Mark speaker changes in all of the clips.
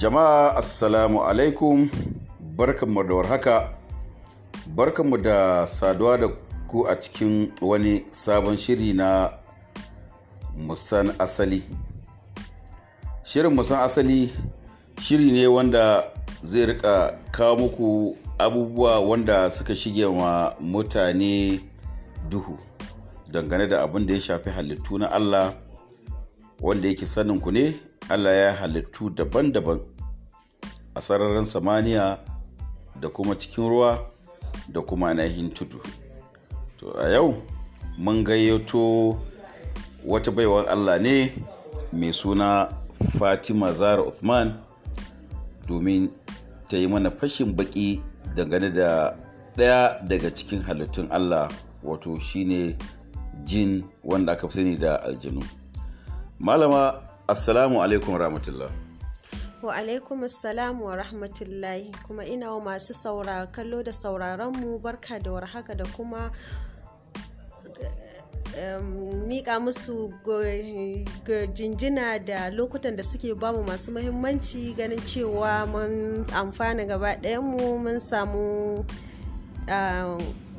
Speaker 1: Jama'a Assalamu alaikum barkanmu da warhaka barkanmu da saduwa da ku a cikin wani sabon shiri na musan asali. Shirin musan asali shiri ne wanda zai rika kawo muku abubuwa wanda suka shige wa mutane duhu dangane da abin da ya shafi halittu na Allah wanda yake sanin ku ne Allah ya halittu daban-daban a sararin samaniya da kuma cikin ruwa da kuma nahin tudu to a yau mun gayyato wata baiwar Allah ne mai suna fatima zara uthman domin ta yi mana fashin baki dangane da ɗaya daga cikin halittun Allah wato shine jin wanda aka fi sani da aljinu malama Assalamu alaikum rahmatullah.
Speaker 2: Wa alaikum assalamu wa rahmatullahi kuma ina wa masu saura kallo da sauraron mu barka da warhaka da kuma miƙa musu jinjina da lokutan da suke bamu masu mahimmanci ganin cewa mun amfana gaba mu mun samu uh,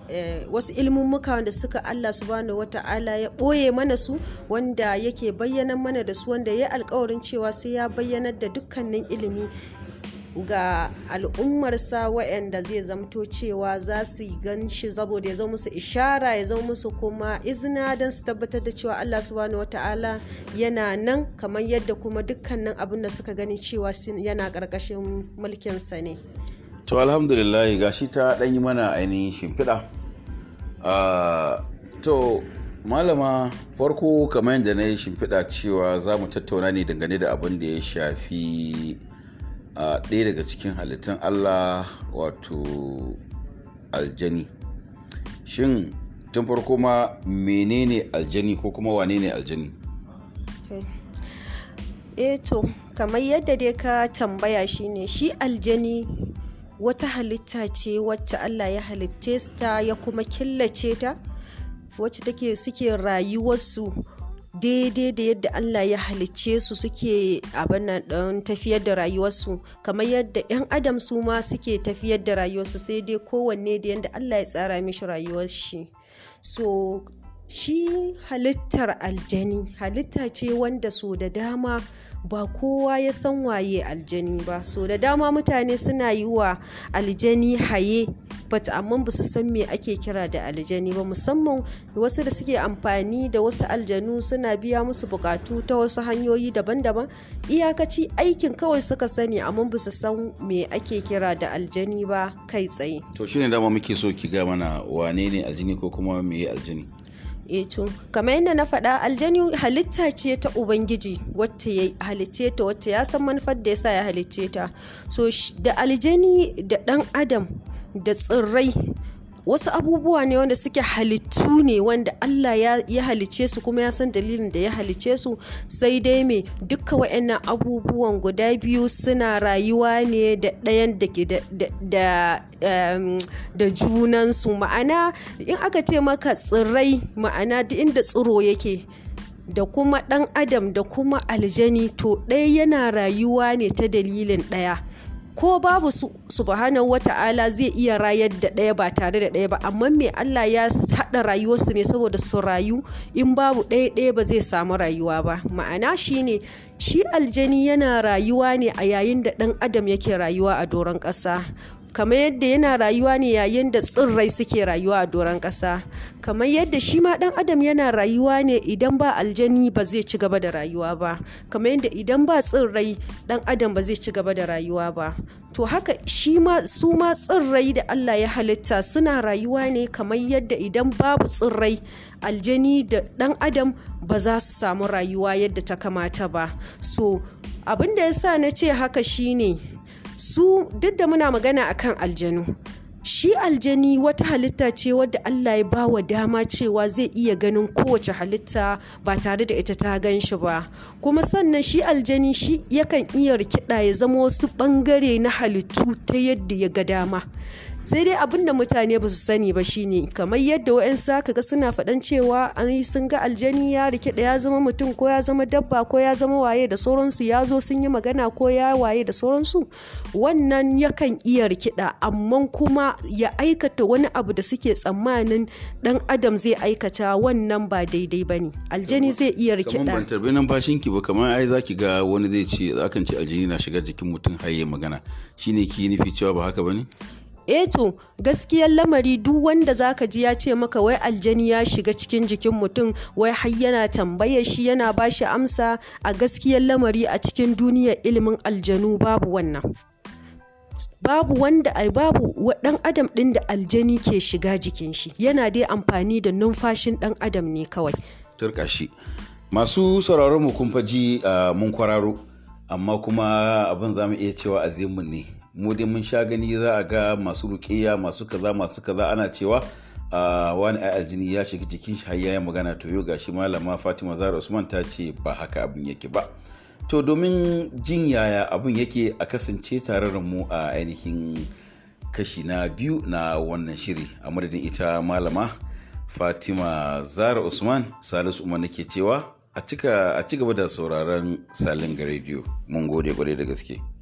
Speaker 2: Eh, wasu ilmummuka da suka Allah subhanahu wata'ala ya ɓoye mana su wanda yake bayyana mana da su wanda ya alkawarin cewa sai ya bayyanar da dukkanin ilimi ga al'ummarsa wa'anda zai zamto cewa za su gan shi saboda ya zama musu ishara ya zama musu kuma izina don su tabbatar da cewa Allah subhanahu wata'ala yana nan kamar yadda kuma dukkanin abin da suka gani cewa yana ƙarƙashin mulkinsa ne.
Speaker 1: to alhamdulillah gashi ta ɗanyi mana ainihin shimfiɗa ah, to malama farko kamar yadda na yi shimfiɗa cewa za mu tattauna ne dangane da abin da ya shafi ɗaya daga cikin halittun allah wato aljani shin tun farko ma menene aljani ko kuma wane ne aljani
Speaker 2: eto eh kamar yadda dai ka tambaya shine shi aljani wata halitta ce wacce Allah ya halitte ta ya kuma killace ta wacce take suke rayuwarsu daidai da yadda Allah ya halicce su suke abin nan tafiyar da rayuwarsu kamar yadda 'yan adam su ma suke tafiyar da rayuwarsu sai dai kowanne da yadda Allah ya tsara mishi rayuwar shi so shi halittar aljani halitta ce wanda so da dama ba kowa ya san waye aljani ba so da dama mutane suna yi wa aljani haye but amma ba su san me ake kira da aljani ba musamman wasu da suke amfani da wasu aljanu suna biya musu bukatu ta wasu hanyoyi daban-daban iyakaci aikin kawai suka sani amma ba su san me ake kira da aljani ba kai tsaye
Speaker 1: to shine dama muke so ki ga mana wane ne aljani ko kuma me aljani.
Speaker 2: eh kamar yadda na faɗa aljanu halitta ce ta ubangiji wacce ya halicce ta wacce ya san manufar da ya sa ya halicce ta so da aljani da ɗan adam da tsirrai wasu abubuwa ne wanda suke halittu ne wanda Allah ya halice su kuma ya san dalilin da ya halice su sai dai me duka wa'annan abubuwan guda biyu suna rayuwa ne da ɗayan da ke da junansu ma'ana in aka ce maka tsirrai ma'ana duk inda tsiro yake da kuma ɗan adam da kuma aljani to ɗaya yana rayuwa ne ta dalilin ɗaya ko babu su subhanahu wata'ala zai iya rayar da ɗaya ba tare da ɗaya ba amma mai Allah ya haɗa rayuwarsu ne saboda su rayu in babu ɗaya ɗaya ba zai samu rayuwa ba ma'ana shine shi aljani yana rayuwa ne a yayin da ɗan adam yake rayuwa a doron ƙasa kamar yadda yana rayuwa ne yayin da tsirrai suke rayuwa a doron ƙasa kamar yadda shi ma ɗan adam yana rayuwa ne idan ba aljani ba zai ci gaba da rayuwa ba kamar yadda idan ba tsirrai ɗan adam ba zai ci gaba da rayuwa ba to haka shi ma su ma tsirrai da Allah ya halitta suna rayuwa ne kamar yadda idan babu tsirrai aljani da ɗan adam ba za su samu rayuwa yadda ta kamata ba so abin da ya sa na ce haka shine su duk da muna magana akan aljanu shi aljani wata halitta ce wadda Allah ya bawa dama cewa zai iya ganin kowace halitta ba tare da ita ta gan shi ba kuma sannan shi aljani shi yakan iya rikida ya zama wasu bangare na halittu ta yadda ya ga dama sai dai abin da mutane ba su sani ba shine kamar yadda wa'yansu aka ga suna faɗan cewa an yi sun ga aljani ya rike da ya zama mutum ko ya zama dabba ko ya zama waye da sauransu ya zo sun yi magana ko ya waye da sauransu wannan yakan iya rikida amma kuma ya aikata wani abu da suke tsammanin dan adam zai aikata wannan ba daidai ba ne aljani zai iya rikida
Speaker 1: kamar ban nan bashin ki ba kamar ai zaki ga wani zai ce akan ce aljani na shiga jikin mutum har magana shine ki nufi cewa ba haka bane
Speaker 2: eto eh to gaskiyar lamari duk wanda zaka ji ya ce maka wai aljani ya shiga cikin jikin mutum wai har yana tambayar shi yana bashi amsa a gaskiyar lamari a cikin duniyar ilimin aljanu babu wannan babu wanda ai babu dan adam din da aljani ke shiga jikin shi yana dai amfani da numfashin dan adam ne kawai
Speaker 1: turka shi masu sauraron mu kun faji ah, mun kwararo amma kuma abin za mu iya cewa azimin ne mu dai mun sha gani za a ga masu rukiya masu kaza masu kaza ana cewa ah, wani ai aljini ya shiga jikin shi har ya magana to yau gashi malama Fatima Zara Usman ta ce ba haka abin yake ba to domin jin yaya abin yake a kasance tare da mu a ainihin kashi na biyu na wannan shiri a madadin ita malama Fatima Zara Usman Salisu Umar nake cewa a cika a ci da sauraron salin ga rediyo mun gode kwarai da gaske